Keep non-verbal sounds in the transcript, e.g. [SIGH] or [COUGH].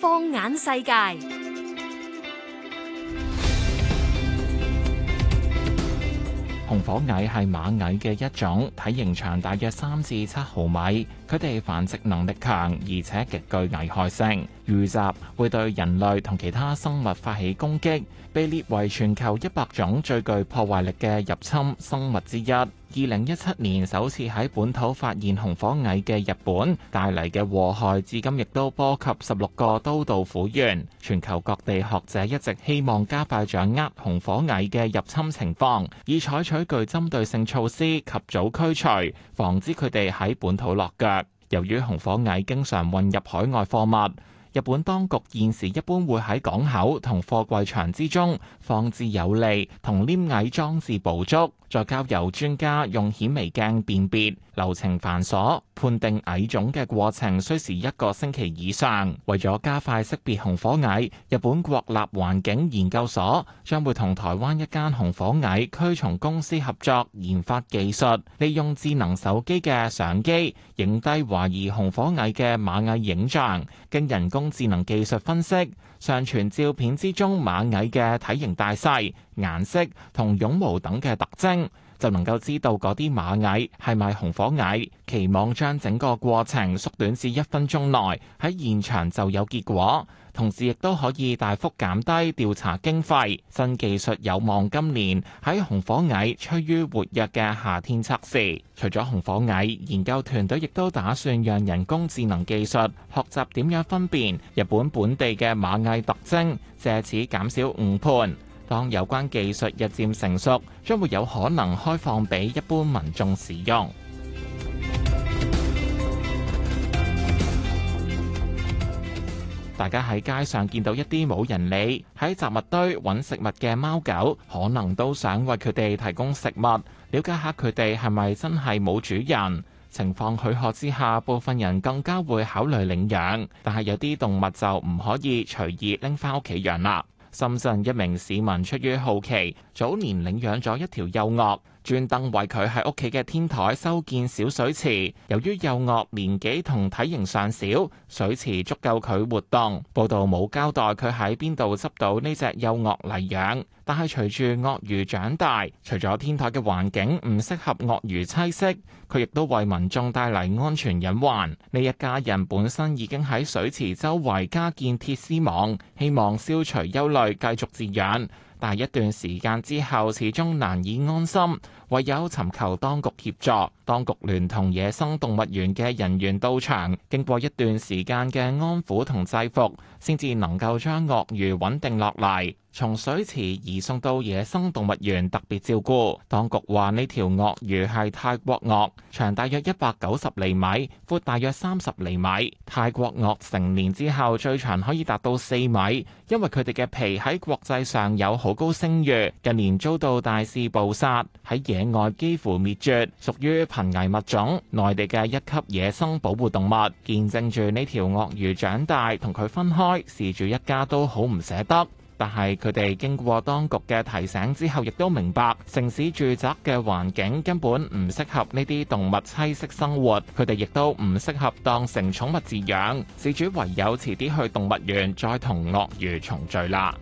放眼世界，紅火蟻係螞蟻嘅一種，體型長大約三至七毫米。佢哋繁殖能力強，而且極具危害性。聚集會對人類同其他生物發起攻擊，被列為全球一百種最具破壞力嘅入侵生物之一。二零一七年首次喺本土發現紅火蟻嘅日本，帶嚟嘅禍害至今亦都波及十六個都道府縣。全球各地學者一直希望加快掌握紅火蟻嘅入侵情況，以採取具針對性措施及早驅除，防止佢哋喺本土落腳。由於紅火蟻經常混入海外貨物，日本當局現時一般會喺港口同貨櫃場之中放置有利同黏蟻裝置捕捉，再交由專家用顯微鏡辨別，流程繁瑣，判定蟻種嘅過程需時一個星期以上。為咗加快識別紅火蟻，日本國立環境研究所將會同台灣一間紅火蟻驅蟲公司合作研發技術，利用智能手機嘅相機影低懷疑紅火蟻嘅螞蟻影像，經人工智能技術分析，上傳照片之中螞蟻嘅體型大細、顏色同絨毛等嘅特徵。就能夠知道嗰啲螞蟻係咪紅火蟻，期望將整個過程縮短至一分鐘內喺現場就有結果，同時亦都可以大幅減低調查經費，新技術有望今年喺紅火蟻趨於活躍嘅夏天測試，除咗紅火蟻，研究團隊亦都打算讓人工智能技術學習點樣分辨日本本地嘅螞蟻特徵，借此減少誤判。當有關技術日漸成熟，將會有可能開放俾一般民眾使用。 [MUSIC] 大家喺街上見到一啲冇人理喺雜物堆揾食物嘅貓狗，可能都想為佢哋提供食物，了解下佢哋係咪真係冇主人？情況許可之下，部分人更加會考慮領養。但係有啲動物就唔可以隨意拎翻屋企養啦。深圳一名市民出於好奇，早年領養咗一條幼鱷。專登為佢喺屋企嘅天台修建小水池，由於幼鱷年紀同體型尚小，水池足夠佢活動。報道冇交代佢喺邊度執到呢隻幼鱷嚟養，但係隨住鱷魚長大，除咗天台嘅環境唔適合鱷魚棲息，佢亦都為民眾帶嚟安全隱患。呢一家人本身已經喺水池周圍加建鐵絲網，希望消除憂慮，繼續飼養。但一段時間之後，始終難以安心，唯有尋求當局協助。當局聯同野生動物園嘅人員到場，經過一段時間嘅安撫同制服，先至能夠將鱷魚穩定落嚟，從水池移送到野生動物園特別照顧。當局話呢條鱷魚係泰國鱷，長大約一百九十厘米，闊大約三十厘米。泰國鱷成年之後最長可以達到四米，因為佢哋嘅皮喺國際上有好高聲譽，近年遭到大肆捕殺，喺野外幾乎滅絕，屬於瀕危物種，內地嘅一級野生保護動物，見證住呢條鱷魚長大，同佢分開，事主一家都好唔捨得。但係佢哋經過當局嘅提醒之後，亦都明白城市住宅嘅環境根本唔適合呢啲動物棲息生活，佢哋亦都唔適合當成寵物飼養。事主唯有遲啲去動物園再同鱷魚重聚啦。